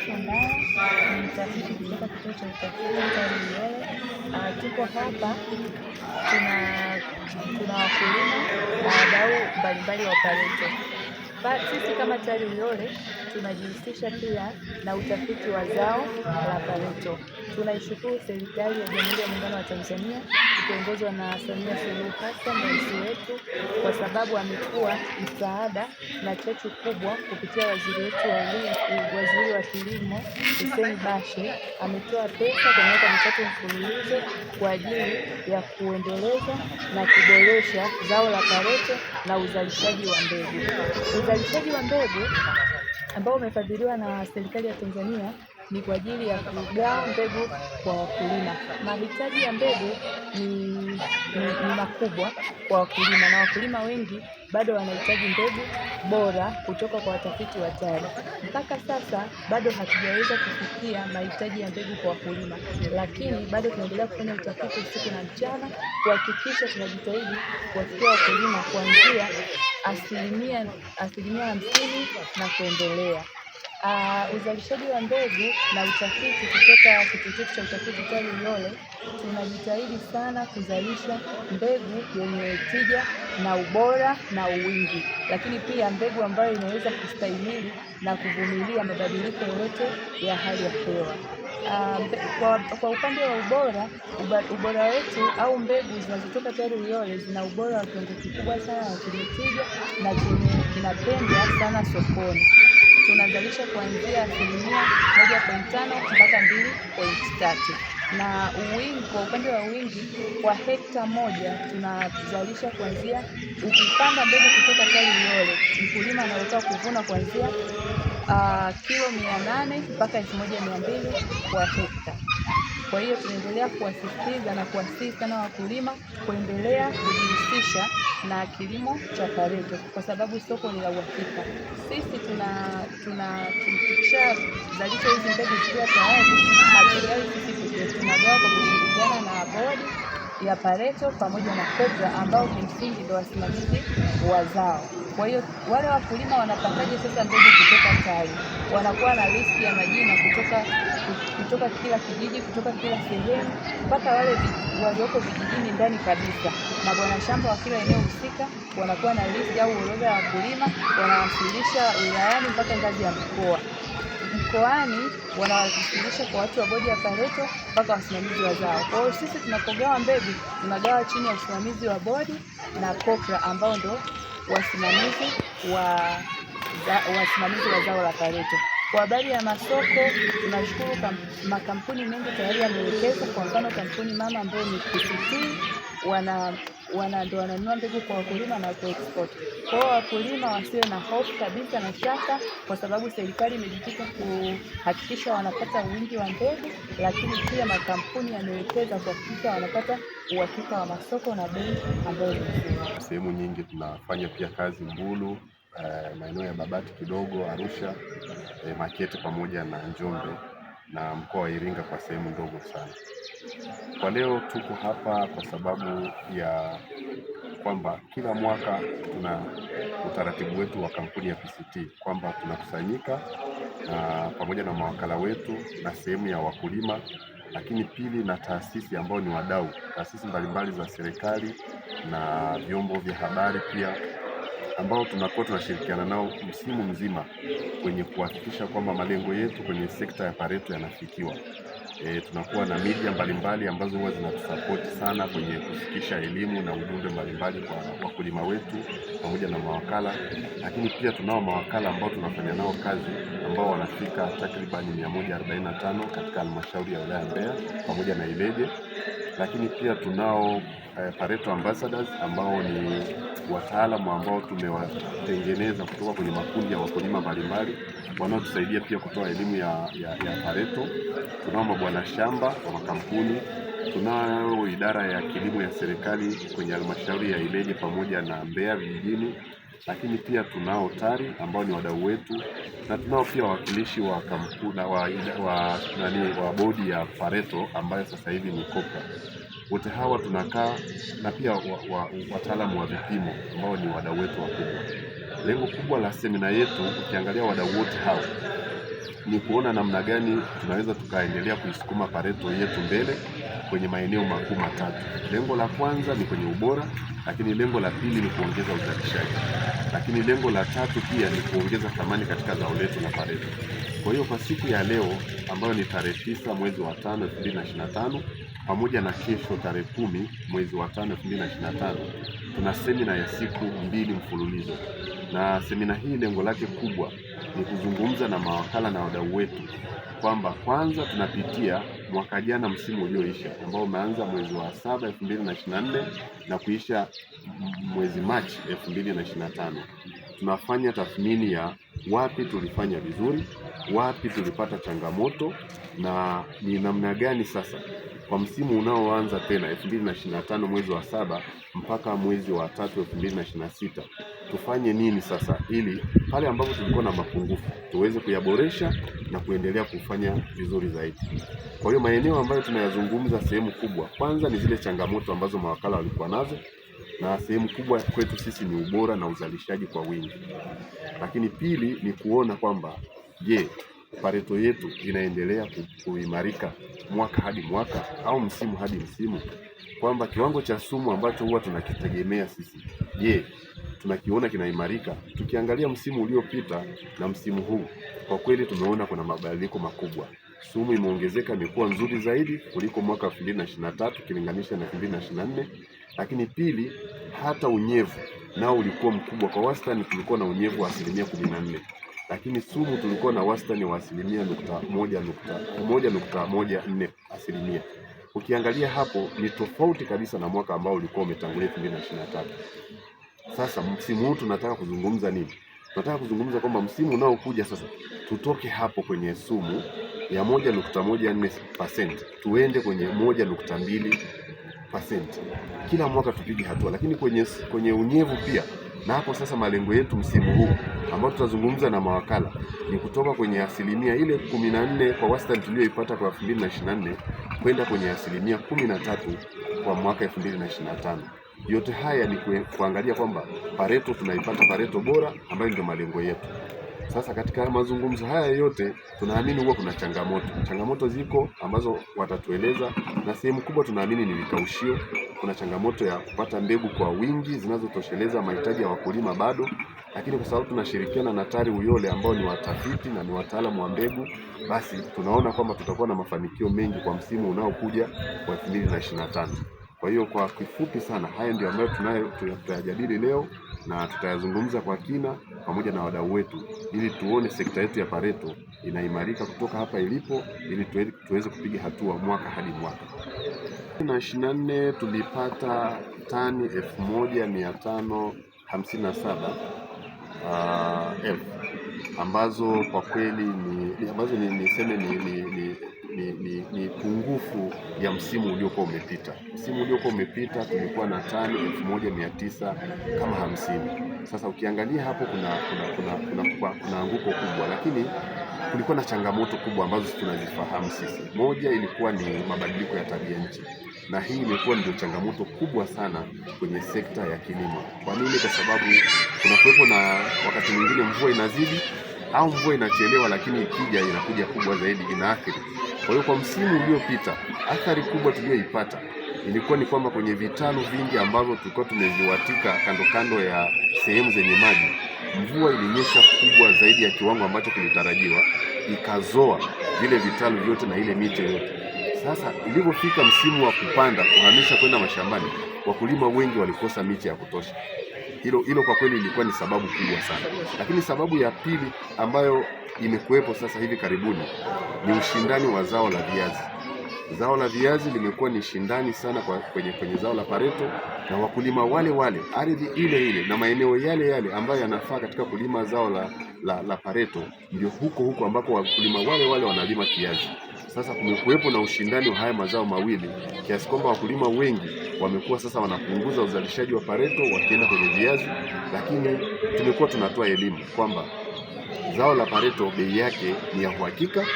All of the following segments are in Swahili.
afya mbaya, ni mtafiti kutoka kituo cha utafiti Uyole. Ah, tuko hapa, kuna wakulima na wadau mbalimbali wa pareto. Sisi kama TARI Uyole tunajihusisha pia na utafiti wa zao la pareto. Tunaishukuru serikali ya Jamhuri ya Muungano wa Tanzania ikiongozwa na Samia Suluhu Hassan, rais wetu, kwa sababu amekuwa msaada na chachu kubwa kupitia waziri wetu waziri wa kilimo Hussein Bashe ametoa pesa kwa miaka mitatu mfululizo kwa ajili ya kuendeleza na kuboresha zao la pareto na uzalishaji wa mbegu uzalishaji wa mbegu ambao umefadhiliwa na serikali ya Tanzania ni kwa ajili ya kugawa mbegu kwa wakulima. Mahitaji ya mbegu ni, ni, ni makubwa kwa wakulima na wakulima wengi bado wanahitaji mbegu bora kutoka kwa watafiti wa tari Mpaka sasa bado hatujaweza kufikia mahitaji ya mbegu kwa wakulima, lakini bado tunaendelea kufanya utafiti usiku na mchana kuhakikisha tunajitahidi kuwafikia wakulima kuanzia asilimia asilimia hamsini na kuendelea. Ah, uzalishaji wa mbegu na utafiti kutoka kituo chetu cha utafiti TARI Uyole, tunajitahidi sana kuzalisha mbegu yenye tija na ubora na uwingi, lakini pia mbegu ambayo inaweza kustahimili na kuvumilia mabadiliko yoyote ya hali ya hewa. Um, kwa, kwa upande wa ubora uba, ubora wetu au mbegu zinazotoka TARI Uyole zina ubora wa kiwango kikubwa sana na chenye tija na kinapendwa sana sokoni. Tunazalisha kuanzia asilimia moja point tano mpaka mbili point tatu na uwingi, kwa upande wa wingi kwa hekta moja tunazalisha kuanzia, ukipanda mbegu kutoka TARI Uyole, mkulima anaweza kuvuna kuanzia uh, kilo mia nane mpaka elfu moja mia mbili kwa hekta. Kwa hiyo tunaendelea kuwasisitiza na kuwasihi sana wakulima kuendelea kujihusisha na kilimo cha pareto kwa sababu soko ni la uhakika. Sisi tuna tuna tukishazalisha hizi mbegu zikiwa tayari, hatujali sisi pekee, tunagawa kwa kushirikiana na bodi ya pareto pamoja na kopra ambao kimsingi ndio wasimamizi wa zao. Kwa hiyo wale wakulima wanapataje sasa mbegu kutoka TARI? Wanakuwa na listi ya majina kutoka kutoka kila kijiji, kutoka kila sehemu, mpaka wale walioko vijijini ndani kabisa, na bwana shamba wa kila eneo husika wanakuwa na listi au orodha ya wakulima, wanawasilisha wilayani mpaka ngazi ya mkoa mkoani wanawasilisha kwa watu wa bodi ya pareto mpaka wasimamizi wa zao. Kwa hiyo sisi tunapogawa mbegu tunagawa chini ya usimamizi wa bodi na COPRA ambao ndo wasimamizi wa wasimamizi wa zao la pareto. Kwa habari ya masoko, tunashukuru makampuni mengi tayari yamewekeza. Kwa mfano kampuni mama ambayo ni PCT wana wana ndio wananunua mbegu kwa wakulima na ku export. Kwa hiyo wakulima wasiwe na hofu kabisa na shaka, kwa sababu serikali imejitika kuhakikisha wanapata wingi wa mbegu, lakini pia makampuni yamewekeza kuhakikisha wanapata uhakika wa masoko na bei ambayo ni nzuri. Sehemu nyingi tunafanya pia kazi Mbulu, eh, maeneo ya Babati kidogo, Arusha, eh, Makete pamoja na Njombe na mkoa wa Iringa kwa sehemu ndogo sana. Kwa leo tuko hapa kwa sababu ya kwamba kila mwaka tuna utaratibu wetu wa kampuni ya PCT kwamba tunakusanyika na pamoja na mawakala wetu na sehemu ya wakulima, lakini pili na taasisi ambao ni wadau, taasisi mbalimbali za serikali na vyombo vya habari pia ambao tunakuwa tunashirikiana nao msimu mzima kwenye kuhakikisha kwamba malengo yetu kwenye sekta ya Pareto yanafikiwa. E, tunakuwa na media mbalimbali ambazo huwa zinatusapoti sana kwenye kufikisha elimu na ujumbe mbalimbali kwa wakulima wetu pamoja na mawakala, lakini pia tunao mawakala ambao tunafanya nao kazi ambao wanafika takribani 145 katika halmashauri ya wilaya Mbeya pamoja na Ileje, lakini pia tunao eh, Pareto Ambassadors ambao ni wataalamu ambao tumewatengeneza kutoka kwenye makundi ya wakulima mbalimbali wanaotusaidia pia kutoa elimu ya, ya, ya Pareto. Tunao mabwana shamba wa makampuni, tunayo idara ya kilimo ya serikali kwenye halmashauri ya Ileje pamoja na Mbeya vijijini, lakini pia tunao TARI ambao ni wadau wetu na tunao pia wawakilishi wa kampuni wa, wa, nani wa bodi ya Pareto ambayo sasa hivi ni COPRA. Wote hawa tunakaa na pia wataalamu wa, wa, wa vipimo ambao ni wadau wetu wakubwa. Lengo kubwa la semina yetu, ukiangalia wadau wote hao, ni kuona namna gani tunaweza tukaendelea kuisukuma Pareto yetu mbele kwenye maeneo makuu matatu. Lengo la kwanza ni kwenye ubora, lakini lengo la pili ni kuongeza uzalishaji, lakini lengo la tatu pia ni kuongeza thamani katika zao letu la Pareto. Kwa hiyo kwa siku ya leo ambayo ni tarehe tisa mwezi wa tano elfu mbili na ishirini na tano pamoja na kesho tarehe kumi mwezi wa tano elfu mbili na ishirini na tano tuna semina ya siku mbili mfululizo na semina hii lengo lake kubwa ni kuzungumza na mawakala na wadau wetu kwamba kwanza tunapitia mwaka jana msimu ulioisha ambao umeanza mwezi wa saba elfu mbili na ishirini na nne na kuisha mwezi Machi elfu mbili na ishirini na tano. Tunafanya tathmini ya wapi tulifanya vizuri, wapi tulipata changamoto na ni namna gani sasa kwa msimu unaoanza tena 2025 mwezi wa saba mpaka mwezi wa tatu 2026 tufanye nini sasa, ili pale ambapo tulikuwa na mapungufu tuweze kuyaboresha na kuendelea kufanya vizuri zaidi. Kwa hiyo maeneo ambayo tunayazungumza sehemu kubwa, kwanza ni zile changamoto ambazo mawakala walikuwa nazo, na sehemu kubwa kwetu sisi ni ubora na uzalishaji kwa wingi, lakini pili ni kuona kwamba Je, pareto yetu inaendelea kuimarika mwaka hadi mwaka au msimu hadi msimu? Kwamba kiwango cha sumu ambacho huwa tunakitegemea sisi, je, tunakiona kinaimarika? Tukiangalia msimu uliopita na msimu huu, kwa kweli tumeona kuna mabadiliko makubwa. Sumu imeongezeka, imekuwa nzuri zaidi kuliko mwaka elfu mbili na tatu na nne Lakini pili, hata unyevu nao ulikuwa mkubwa. Kwa wastani tulikuwa na unyevu wa asilimia kumi na nne lakini sumu tulikuwa na wastani wa asilimia nukta moja nukta moja nukta moja nne asilimia. Ukiangalia hapo ni tofauti kabisa na mwaka ambao ulikuwa umetangulia elfu mbili na ishirini na tatu. Sasa msimu huu tunataka kuzungumza nini? Tunataka kuzungumza kwamba msimu unaokuja sasa tutoke hapo kwenye sumu ya moja nukta moja nne pasenti tuende kwenye moja nukta mbili pasenti kila mwaka tupige hatua, lakini kwenye, kwenye unyevu pia na hapo sasa, malengo yetu msimu huu ambao tutazungumza na mawakala ni kutoka kwenye asilimia ile kumi na nne kwa wastani tuliyoipata kwa 2024 kwenda kwenye asilimia kumi na tatu kwa mwaka 2025. Yote haya ni kuangalia kwamba pareto tunaipata pareto bora ambayo ndio malengo yetu. Sasa katika mazungumzo haya yote tunaamini huwa kuna changamoto, changamoto ziko ambazo watatueleza, na sehemu kubwa tunaamini ni vikaushio. Kuna changamoto ya kupata mbegu kwa wingi zinazotosheleza mahitaji ya wakulima bado, lakini kwa sababu tunashirikiana na TARI Uyole ambao ni watafiti na ni wataalamu wa mbegu, basi tunaona kwamba tutakuwa na mafanikio mengi kwa msimu unaokuja wa 2025. Kwa hiyo kwa kifupi sana, haya ndio ambayo tunayo tuyajadili leo na tutayazungumza kwa kina pamoja na wadau wetu, ili tuone sekta yetu ya pareto inaimarika kutoka hapa ilipo, ili tuweze kupiga hatua mwaka hadi mwaka. na ishirini na nne tulipata tani elfu moja mia tano hamsini na saba uh, ambazo kwa kweli ni ambazo niseme ni, ni, ni, ni ni, ni, ni pungufu ya msimu uliokuwa umepita. Msimu uliokuwa umepita tulikuwa na tani elfu moja mia tisa kama hamsini. Sasa ukiangalia hapo kuna, kuna, kuna, kuna, kuna, kuna anguko kubwa, lakini kulikuwa na changamoto kubwa ambazo tunazifahamu sisi. Moja ilikuwa ni mabadiliko ya tabia nchi, na hii imekuwa ndio changamoto kubwa sana kwenye sekta ya kilimo. Kwa nini? Kwa sababu kunakuwepo na wakati mwingine mvua inazidi au mvua inachelewa, lakini ikija inakuja kubwa zaidi, inaathiri. Kwa hiyo kwa msimu uliopita athari kubwa tuliyoipata ilikuwa ni kwamba kwenye vitalu vingi ambavyo tulikuwa tumeviwatika kando kando ya sehemu zenye maji, mvua ilinyesha kubwa zaidi ya kiwango ambacho kilitarajiwa, ikazoa vile vitalu vyote na ile miti yote. Sasa ilipofika msimu wa kupanda, kuhamisha kwenda mashambani, wakulima wengi walikosa miti ya kutosha hilo hilo kwa kweli ilikuwa ni sababu kubwa sana, lakini sababu ya pili ambayo imekuwepo sasa hivi karibuni ni ushindani wa zao la viazi. Zao la viazi limekuwa ni shindani sana kwa kwenye, kwenye zao la pareto na wakulima wale wale, ardhi ile ile na maeneo yale yale ambayo yanafaa katika kulima zao la, la, la pareto, ndio huko huko ambako wakulima wale wale wanalima kiazi. Sasa kumekuwepo na ushindani wa haya mazao mawili kiasi kwamba wakulima wengi wamekuwa sasa wanapunguza uzalishaji wa pareto wakienda kwenye viazi, lakini tumekuwa tunatoa elimu kwamba zao la pareto bei yake ni ya uhakika,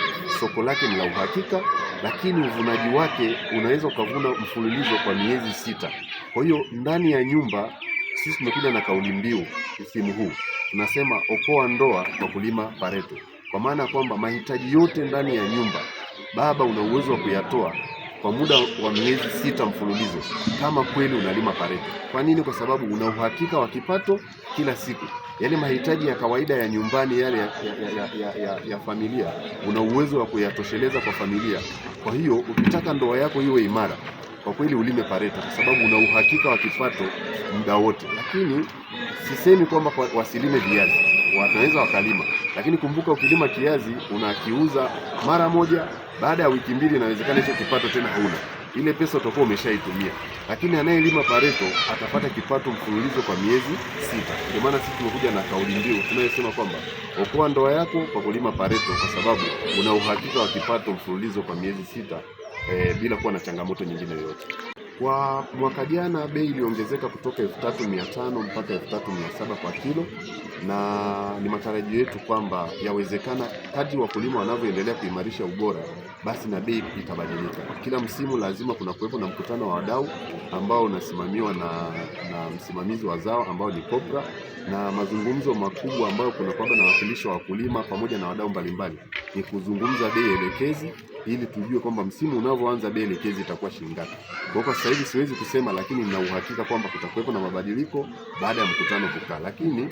soko lake ni la uhakika, lakini uvunaji wake unaweza ukavuna mfululizo kwa miezi sita. Kwa hiyo ndani ya nyumba sisi tumekuja na kauli mbiu msimu huu tunasema, okoa ndoa kwa kulima pareto, kwa maana ya kwamba mahitaji yote ndani ya nyumba Baba, una uwezo wa kuyatoa kwa muda wa miezi sita mfululizo, kama kweli unalima pareto. Kwa nini? Kwa sababu una uhakika wa kipato kila siku, yale mahitaji ya kawaida ya nyumbani yale ya, ya, ya, ya, ya, ya familia, una uwezo wa kuyatosheleza kwa familia. Kwa hiyo ukitaka ndoa yako iwe imara, kwa kweli ulime pareto, kwa sababu una uhakika wa kipato muda wote. Lakini sisemi kwamba kwa wasilime viazi, wanaweza wakalima, lakini kumbuka, ukilima kiazi unakiuza mara moja baada ya wiki mbili inawezekana hicho kipato tena huna, ile pesa utakuwa umeshaitumia. Lakini anayelima pareto atapata kipato mfululizo kwa miezi sita. Ndio maana sisi tumekuja na kauli mbiu tunayosema kwamba okoa ndoa yako kwa kulima pareto, kwa sababu una uhakika wa kipato mfululizo kwa miezi sita, e, bila kuwa na changamoto nyingine yoyote. Kwa mwaka jana bei iliongezeka kutoka elfu tatu mia tano mpaka elfu tatu mia saba kwa kilo, na ni matarajio yetu kwamba yawezekana kadri wakulima wanavyoendelea kuimarisha ubora, basi na bei itabadilika. Kila msimu lazima kuna kuwepo na mkutano wa wadau ambao unasimamiwa na, na msimamizi wa zao ambao ni COPRA na mazungumzo makubwa ambayo kuna kwamba na wawakilishi wa wakulima pamoja na wadau mbalimbali ni kuzungumza bei elekezi ili tujue kwamba msimu unavyoanza bei elekezi itakuwa shilingi ngapi. Kwa sasa hivi siwezi kusema, lakini nina uhakika kwamba kutakuwepo na mabadiliko baada ya mkutano kukaa, lakini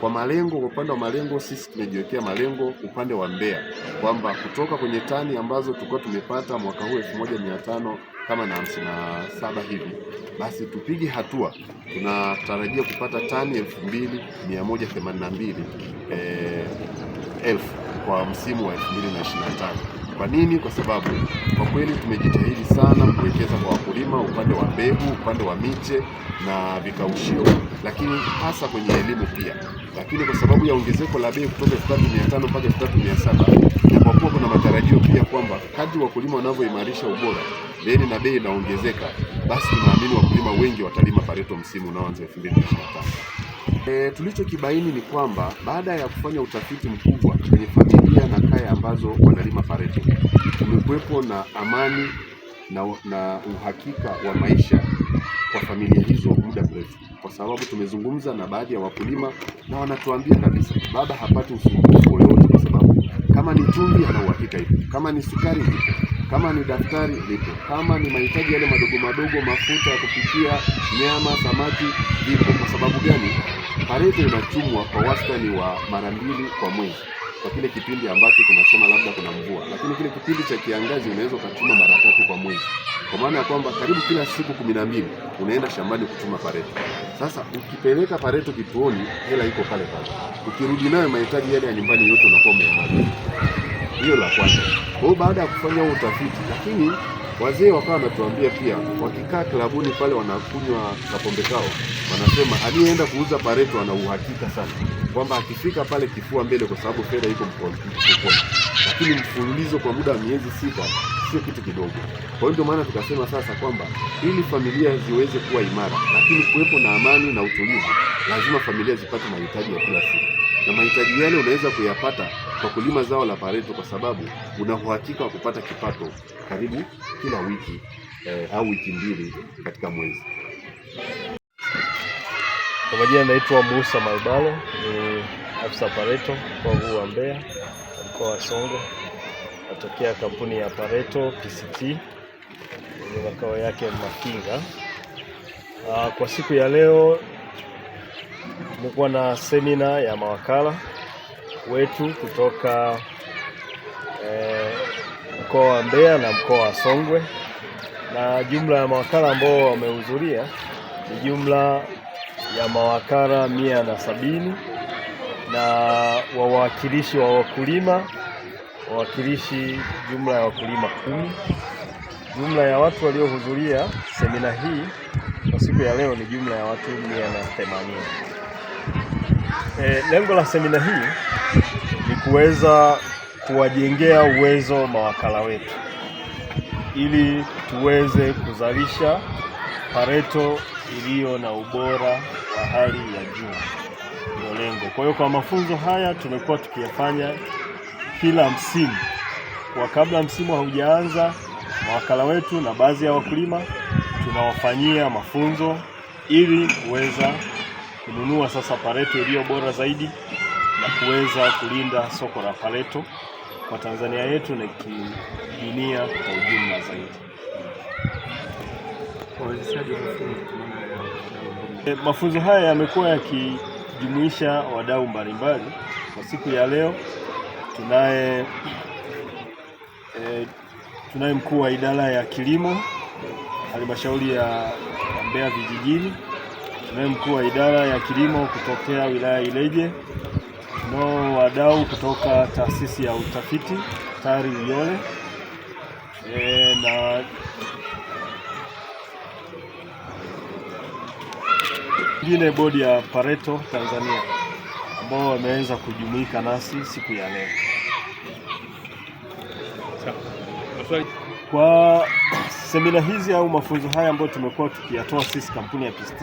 kwa malengo, kwa upande wa malengo, sisi tumejiwekea malengo upande wa Mbeya kwamba kutoka kwenye tani ambazo tulikuwa tumepata mwaka huu elfu moja mia tano kama na hamsini na saba hivi, basi tupige hatua. Tunatarajia kupata tani elfu mbili mia moja themanini na mbili eh, elfu kwa msimu wa 2025. Kwa nini? Kwa sababu kwa kweli tumejitahidi sana kuwekeza kwa wakulima upande wa mbegu, upande wa miche na vikaushio, lakini hasa kwenye elimu pia lakini kwa sababu ya ongezeko la bei kutoka 3500 mpaka 3700 na kwa kuwa kuna matarajio pia kwamba kadri wakulima wanavyoimarisha ubora leni na bei inaongezeka, basi tunaamini wakulima wengi watalima pareto msimu unaoanza 2025. E, tulichokibaini ni kwamba baada ya kufanya utafiti mkubwa kwenye familia na kaya ambazo wanalima pareto, kumekuwepo na amani na, na uhakika wa maisha kwa familia hizo muda mrefu, kwa sababu tumezungumza na baadhi ya wakulima na wanatuambia kabisa baba hapati usumbufu wowote, kwa sababu kama ni chumvi ana uhakika ipo, kama ni sukari ipo, kama ni daftari lipo, kama ni mahitaji yale madogo madogo, mafuta ya kupikia, nyama, samaki vipo. Kwa sababu gani? Pareto inachumwa kwa wastani wa mara mbili kwa mwezi kwa kile kipindi ambacho tunasema labda kuna mvua, lakini kile kipindi cha kiangazi unaweza ukachuma mara tatu kwa mwezi, kwa maana ya kwamba karibu kila siku kumi na mbili unaenda shambani kuchuma pareto. Sasa ukipeleka pareto kituoni, hela iko pale pale, ukirudi nayo mahitaji yale ya nyumbani yote unakuwa umeyamaliza. Hiyo la kwanza. Kwa hiyo baada ya kufanya huo utafiti, lakini wazee wakawa wanatuambia pia, wakikaa klabuni pale wanakunywa kapombe kao, wanasema aliyeenda kuuza pareto ana uhakika sana kwamba akifika pale kifua mbele, kwa sababu fedha iko mfukoni. Lakini mfululizo kwa muda wa miezi sita sio kitu kidogo. Kwa hiyo ndio maana tukasema sasa kwamba ili familia ziweze kuwa imara, lakini kuwepo na amani na utulivu, lazima familia zipate mahitaji ya kila siku, na mahitaji yale unaweza kuyapata kwa kulima zao la pareto, kwa sababu una uhakika wa kupata kipato karibu kila wiki eh, au wiki mbili katika mwezi. Kwa majina naitwa Musa Malbalo, ni afisa Pareto kwa huu wa Mbeya, mkoa wa Songwe. Natokea kampuni ya Pareto PCT yenye makao yake Makinga. Ah, kwa siku ya leo tumekuwa na semina ya mawakala wetu kutoka eh, mkoa wa Mbeya na mkoa wa Songwe, na jumla ya mawakala ambao wamehudhuria ni jumla ya mawakala mia na sabini na wawakilishi wa wakulima wawakilishi jumla ya wakulima kumi. Jumla ya watu waliohudhuria semina hii kwa siku ya leo ni jumla ya watu mia na themanini. E, lengo la semina hii ni kuweza kuwajengea uwezo mawakala wetu ili tuweze kuzalisha pareto iliyo na ubora wa hali ya juu, ndio lengo. Kwa hiyo kwa mafunzo haya tumekuwa tukiyafanya kila msimu, kwa kabla msimu haujaanza, mawakala wetu na baadhi ya wakulima tunawafanyia mafunzo ili kuweza kununua sasa pareto iliyo bora zaidi na kuweza kulinda soko la pareto kwa Tanzania yetu na kidunia kwa ujumla zaidi. E, mafunzo haya yamekuwa yakijumuisha wadau mbalimbali. Kwa siku ya leo tunaye e, tunaye mkuu wa idara ya kilimo halmashauri ya Mbeya vijijini, tunaye mkuu wa idara ya kilimo kutokea wilaya Ileje, tunao wadau kutoka taasisi ya utafiti TARI Uyole e, na nyingine bodi ya Pareto Tanzania ambao wameweza kujumuika nasi siku ya leo. Kwa semina hizi au mafunzo haya ambayo tumekuwa tukiyatoa sisi kampuni ya PCT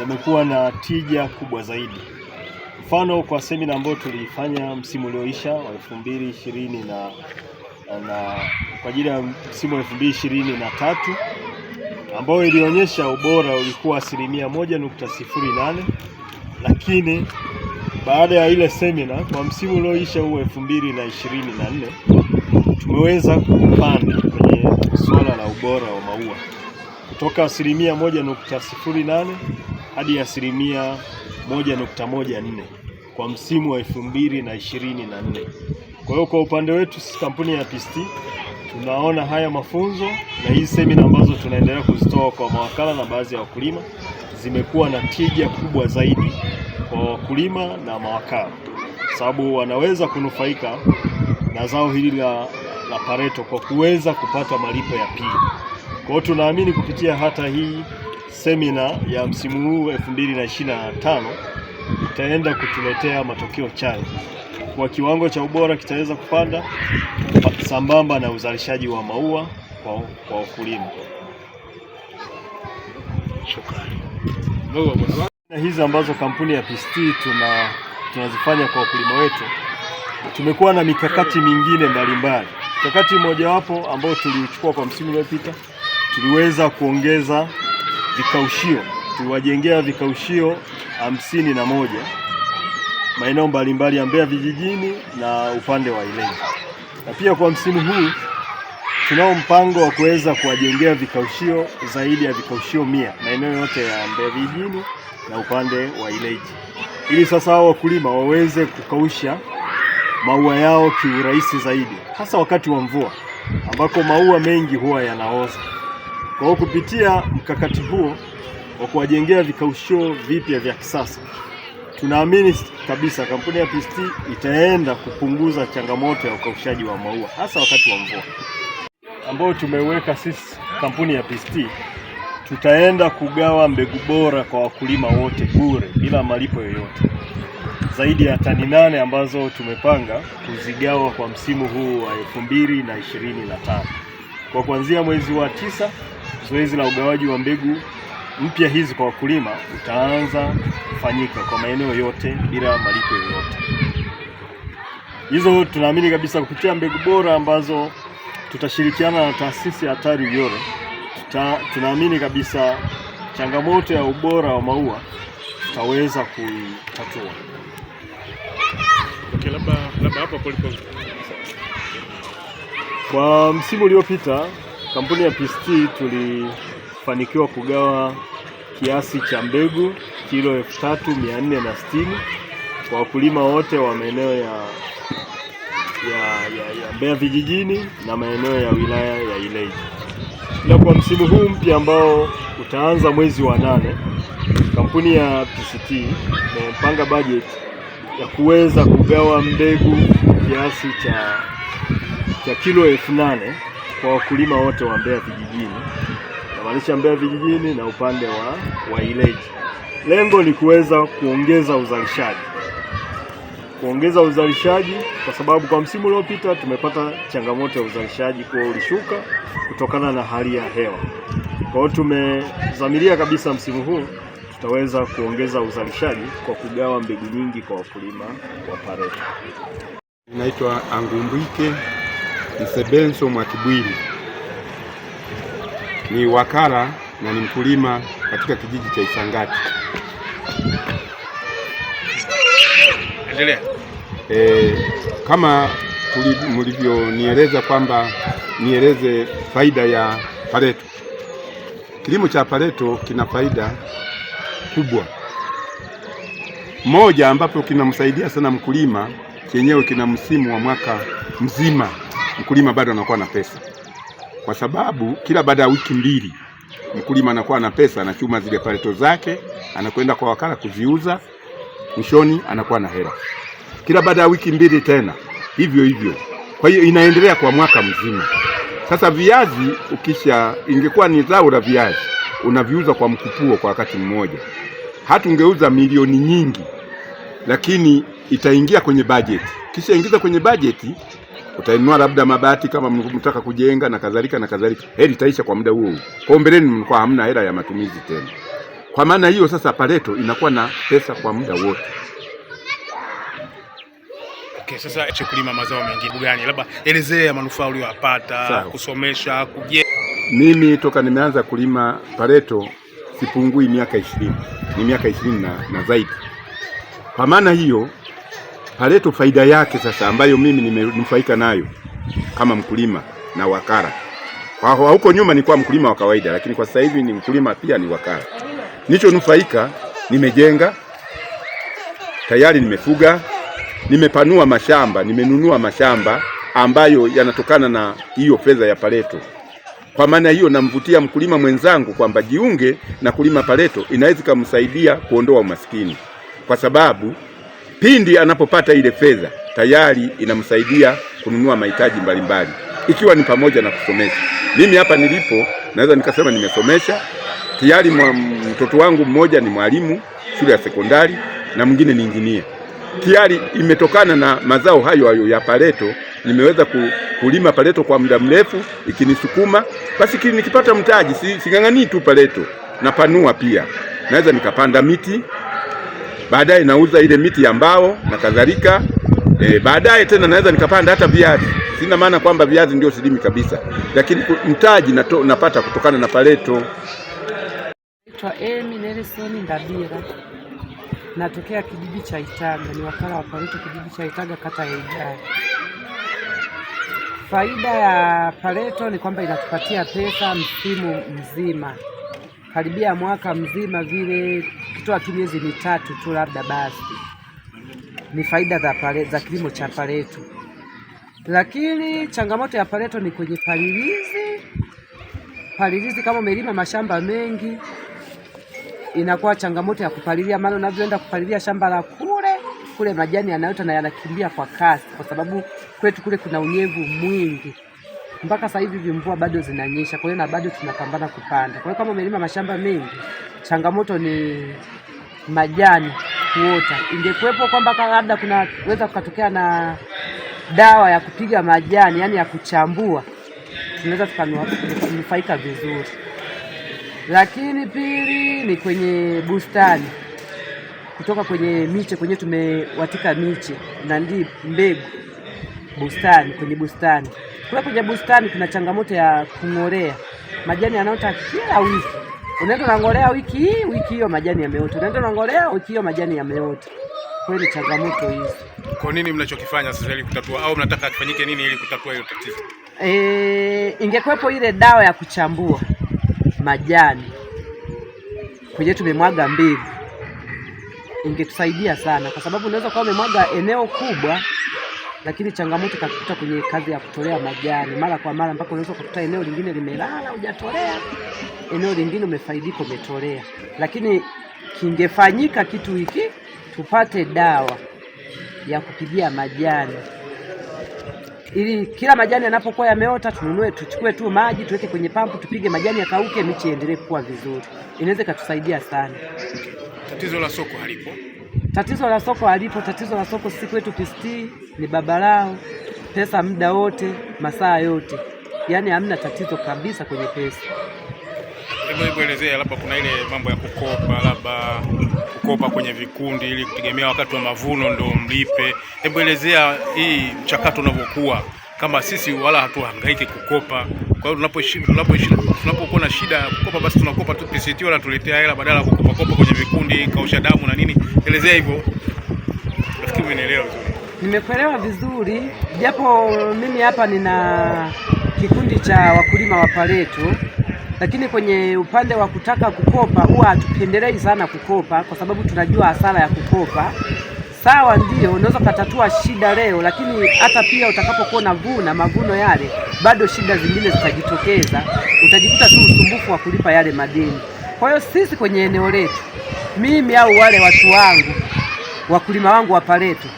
yamekuwa na tija kubwa zaidi. Mfano, kwa semina ambayo tulifanya msimu ulioisha wa elfu mbili ishirini na, na kwa ajili ya msimu wa elfu mbili ishirini na tatu ambayo ilionyesha ubora ulikuwa asilimia moja nukta sifuri nane lakini baada ya ile semina kwa msimu ulioisha huu elfu mbili na ishirini na nne tumeweza kupanda kwenye suala la ubora wa maua kutoka asilimia moja nukta sifuri nane hadi asilimia moja nukta moja nne kwa msimu wa elfu mbili na ishirini na nne. Kwa hiyo kwa upande wetu kampuni ya PCT tunaona haya mafunzo na hii semina ambazo tunaendelea kuzitoa kwa mawakala na baadhi ya wakulima zimekuwa na tija kubwa zaidi kwa wakulima na mawakala, sababu wanaweza kunufaika na zao hili la, la pareto kwa kuweza kupata malipo ya pili. Kwa hiyo tunaamini kupitia hata hii semina ya msimu huu 2025 itaenda kutuletea matokeo chanya kwa kiwango cha ubora kitaweza kupanda sambamba na uzalishaji wa maua kwa wakulima. Na hizi ambazo kampuni ya pst tuna tunazifanya kwa wakulima wetu, tumekuwa na mikakati mingine mbalimbali. Mikakati mmojawapo ambayo tuliuchukua kwa msimu uliopita, tuliweza kuongeza vikaushio, tuliwajengea vikaushio hamsini na moja maeneo mbalimbali ya Mbeya vijijini na upande wa Ileje, na pia kwa msimu huu tunao mpango wa kuweza kuwajengea vikaushio zaidi ya vikaushio mia maeneo yote ya Mbeya vijijini na upande wa Ileje, ili sasa hao wakulima waweze kukausha maua yao kiurahisi zaidi, hasa wakati wa mvua ambako maua mengi huwa yanaoza. Kwa hiyo kupitia mkakati huo wa kuwajengea vikaushio vipya vya kisasa tunaamini kabisa kampuni ya pst itaenda kupunguza changamoto ya ukaushaji wa maua hasa wakati wa mvua ambayo tumeweka sisi kampuni ya pst Tutaenda kugawa mbegu bora kwa wakulima wote bure bila malipo yoyote, zaidi ya tani nane ambazo tumepanga kuzigawa kwa msimu huu wa elfu mbili na ishirini na tano kwa kuanzia mwezi wa tisa, zoezi la ugawaji wa mbegu mpya hizi kwa wakulima utaanza kufanyika kwa maeneo yote bila malipo yoyote. Hizo tunaamini kabisa kupitia mbegu bora ambazo tutashirikiana na taasisi ya TARI Uyole, tunaamini kabisa changamoto ya ubora wa maua tutaweza kuitatua. Okay, labda labda hapo kulipo kwa msimu uliopita kampuni ya pst tuli kufanikiwa kugawa kiasi cha mbegu kilo elfu tatu mia nne na sitini kwa wakulima wote wa maeneo ya, ya, ya, ya Mbeya vijijini na maeneo ya wilaya ya Ileje. Na kwa msimu huu mpya ambao utaanza mwezi wa nane, kampuni ya PCT imepanga bajeti ya kuweza kugawa mbegu kiasi cha, cha kilo elfu nane kwa wakulima wote wa Mbeya vijijini namaanisha Mbeya vijijini na upande wa, waileji Lengo ni kuweza kuongeza uzalishaji, kuongeza uzalishaji kwa sababu kwa msimu uliopita tumepata changamoto ya uzalishaji kuwa ulishuka kutokana na hali ya hewa. Kwa hiyo tumezamiria kabisa msimu huu tutaweza kuongeza uzalishaji kwa kugawa mbegu nyingi kwa wakulima wa Pareto. Inaitwa Angumbwike Msebenso Mwakibwili ni wakala na ni mkulima katika kijiji cha Isangati. E, kama mlivyonieleza kwamba nieleze faida ya pareto. Kilimo cha pareto kina faida kubwa moja, ambapo kinamsaidia sana mkulima, chenyewe kina msimu wa mwaka mzima, mkulima bado anakuwa na pesa kwa sababu kila baada ya wiki mbili mkulima anakuwa na pesa, anachuma zile pareto zake, anakwenda kwa wakala kuziuza, mwishoni anakuwa na hela. Kila baada ya wiki mbili tena hivyo hivyo, kwa hiyo inaendelea kwa mwaka mzima. Sasa viazi ukisha, ingekuwa ni zao la viazi unaviuza kwa mkupuo kwa wakati mmoja, hata ungeuza milioni nyingi, lakini itaingia kwenye bajeti. Kisha ingiza kwenye bajeti utainua labda mabati kama mtaka kujenga na kadhalika na kadhalika, hela itaisha kwa muda huo. Kwa mbeleni mlikuwa hamna hela ya matumizi tena. Kwa maana hiyo sasa, Pareto inakuwa na pesa kwa muda wote. Okay, sasa cha kulima mazao mengi gani? Labda elezea manufaa uliyopata, kusomesha, kujenga. Mimi toka nimeanza kulima Pareto sipungui miaka ishirini, ni miaka ishirini na, na zaidi. Kwa maana hiyo paletu faida yake sasa ambayo mimi nimenufaika nayo kama mkulima na wakara. Kwa huko nyuma nilikuwa mkulima wa kawaida, lakini kwa sasa hivi ni mkulima pia ni wakara. nufaika nimejenga tayari, nimefuga, nimepanua mashamba, nimenunua mashamba ambayo yanatokana na hiyo fedha ya paleto. Kwa maana hiyo, namvutia mkulima mwenzangu kwamba jiunge na kulima paleto, inaweza ikamsaidia kuondoa umaskini kwa sababu pindi anapopata ile fedha tayari inamsaidia kununua mahitaji mbalimbali, ikiwa ni pamoja na kusomesha. Mimi hapa nilipo naweza nikasema nimesomesha tayari. Mtoto wangu mmoja ni mwalimu shule ya sekondari na mwingine ni injinia tayari. Imetokana na mazao hayo hayo ya pareto, nimeweza kulima pareto kwa muda mrefu ikinisukuma. Basi nikipata mtaji, sing'ang'anii tu pareto, napanua pia, naweza nikapanda miti baadaye nauza ile miti ya mbao na kadhalika. E, baadaye tena naweza nikapanda hata viazi. Sina maana kwamba viazi ndio silimi kabisa, lakini mtaji nato, napata kutokana na pareto. Emi Nelson Ndabira natokea kijiji cha Itaga, ni wakala wa pareto kijiji cha Itaga, kata ya Ijari. Faida ya pareto ni kwamba inatupatia pesa msimu mzima karibia mwaka mzima vile, kitoa tu miezi mitatu tu labda basi. Ni faida za pale, za kilimo cha pareto, lakini changamoto ya pareto ni kwenye palilizi. Palilizi kama umelima mashamba mengi, inakuwa changamoto ya kupalilia, maana unavyoenda kupalilia shamba la kule kule, majani yanayota na yanakimbia kwa kasi, kwa sababu kwetu kule kuna unyevu mwingi mpaka sasa hivi hivi mvua bado zinanyesha, kwa hiyo na bado tunapambana kupanda. Kwa hiyo kama umelima mashamba mengi, changamoto ni majani kuota. Ingekuwepo kwamba labda kunaweza kukatokea na dawa ya kupiga majani, yani ya kuchambua, tunaweza tukanufaika vizuri. Lakini pili ni kwenye bustani, kutoka kwenye miche kwenye tumewatika miche na ndii mbegu bustani, kwenye bustani kule kwenye bustani kuna changamoto ya kung'olea majani yanaota kila wiki. Unaenda unang'olea wiki hii, wiki hiyo majani yameota, unaenda unang'olea wiki hiyo majani yameota. Kweli changamoto hizi. Kwa nini mnachokifanya sasa ili kutatua, au mnataka kifanyike nini ili kutatua hiyo tatizo? Eh, ingekuwepo ile dawa ya kuchambua majani kwenye tumemwaga mbegu, ingetusaidia sana, kwa sababu unaweza kuwa umemwaga eneo kubwa lakini changamoto kakuta kwenye kazi ya kutolea majani mara kwa mara, mpaka unaweza kukuta eneo lingine limelala hujatolea, eneo lingine umefaidika umetolea. Lakini kingefanyika kitu hiki, tupate dawa ya kupigia majani ili kila majani yanapokuwa yameota, tununue tuchukue tu maji tuweke kwenye pampu, tupige majani yakauke, miche iendelee kuwa vizuri. Inaweza ikatusaidia sana. Tatizo la soko halipo. Tatizo la soko alipo, tatizo la soko si kwetu PCT, ni baba lao. Pesa muda wote, masaa yote, yaani hamna tatizo kabisa kwenye pesa. Elezea labda, kuna ile mambo ya kukopa, labda kukopa kwenye vikundi ili kutegemea wakati wa mavuno ndio mlipe. Hebu elezea hii mchakato unavyokuwa, kama sisi wala hatuhangaiki kukopa. Kwa hiyo tunapoishi tunapoishi na shida ya kukopa, basi tunakopa tu PCT, wala tuletea hela badala ya kukopa kopa kwenye vikundi kausha damu na nini. Elezea hivyo, nafikiri umenielewa vizuri. Nimekuelewa vizuri, japo mimi hapa nina kikundi cha wakulima wa pareto lakini kwenye upande wa kutaka kukopa huwa hatupendelei sana kukopa, kwa sababu tunajua hasara ya kukopa sawa, ndio unaweza ukatatua shida leo, lakini hata pia utakapokuwa unavuna mavuno yale, bado shida zingine zitajitokeza, utajikuta tu usumbufu wa kulipa yale madeni. Kwa hiyo sisi kwenye eneo letu, mimi au wale watu wangu wakulima wangu wa Pareto,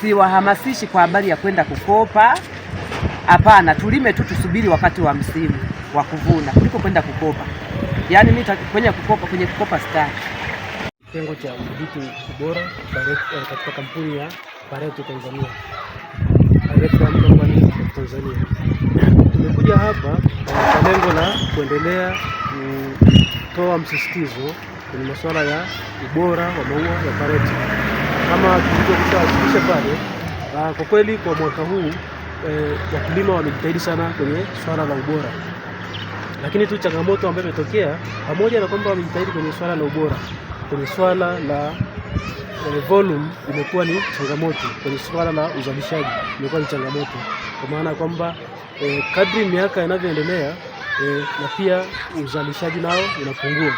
siwahamasishi kwa habari ya kwenda kukopa. Hapana, tulime tu, tusubiri wakati wa msimu wa kuvuna kuliko kwenda kukopa. Yaani mimi kwenye kukopa, kwenye kukopa sitaki kitengo cha udhibiti ubora eh, katika kampuni ya Pareto Tanzania, Tanzania. Tumekuja hapa eh, kwa lengo la kuendelea kutoa msisitizo kwenye masuala ya ubora wa maua ya Pareto kama tulivyokushawasilisha pale. Eh, kwa kweli kwa mwaka huu e, wakulima wamejitahidi sana kwenye swala la ubora, lakini tu changamoto ambayo imetokea, pamoja na kwamba wamejitahidi kwenye swala la ubora kwenye swala la eh, volume imekuwa ni changamoto, kwenye swala la uzalishaji imekuwa ni changamoto, kwa maana kwamba eh, kadri miaka inavyoendelea eh, na pia uzalishaji nao unapungua.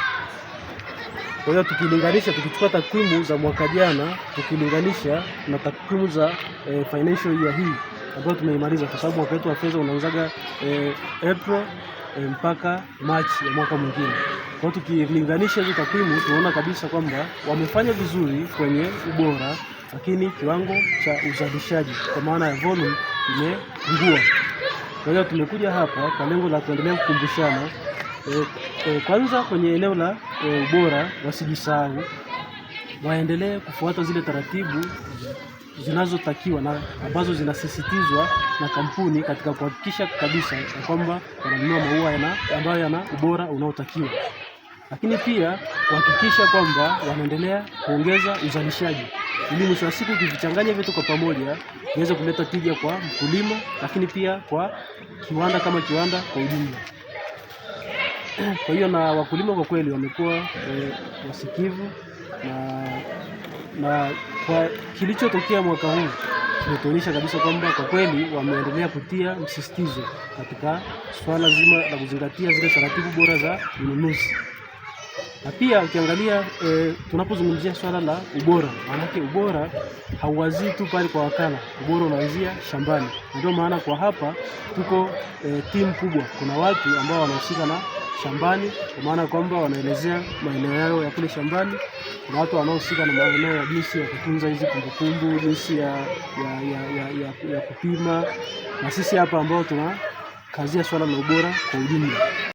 Kwa hiyo tukilinganisha, tukichukua takwimu za mwaka jana tukilinganisha na takwimu za eh, financial year hii ambayo tumeimaliza, kwa sababu mwaka wetu wa fedha unaanzaga eh, April eh, mpaka Machi ya mwaka mwingine. Kwa tukilinganisha hizo takwimu tunaona kabisa kwamba wamefanya vizuri kwenye ubora, lakini kiwango cha uzalishaji kwa maana ya volume imepungua. Kwa hiyo tumekuja hapa kwa lengo la kuendelea kukumbushana e, e, kwanza kwenye eneo la e, ubora wasijisahau, waendelee kufuata zile taratibu zinazotakiwa na ambazo zinasisitizwa na kampuni katika kuhakikisha kabisa ya kwamba wananunua maua ambayo yana ubora unaotakiwa lakini pia kuhakikisha kwamba wanaendelea kuongeza uzalishaji ili mwisho wa siku tuvichanganya vyote kwa pamoja viweze kuleta tija kwa mkulima, lakini pia kwa kiwanda kama kiwanda kwa ujumla. Kwa hiyo na wakulima kwa kweli wamekuwa e, wasikivu na, na kwa kilichotokea mwaka huu kimetuonyesha kabisa kwamba kwa kweli wameendelea kutia msisitizo katika swala zima la kuzingatia zile taratibu bora za ununuzi na pia ukiangalia e, tunapozungumzia swala la ubora, maanake ubora hauwazii tu pale kwa wakala, ubora unaanzia shambani. Ndio maana kwa hapa tuko e, eh, timu kubwa, kuna watu ambao wanahusika na shambani, kwa maana kwamba wanaelezea maeneo yao ya kule shambani. Kuna watu wanaohusika na maeneo ya jinsi ya kutunza hizi kumbukumbu, jinsi ya, ya, ya, ya, ya, ya kupima, na sisi hapa ambao tunakazia swala la ubora kwa ujumla.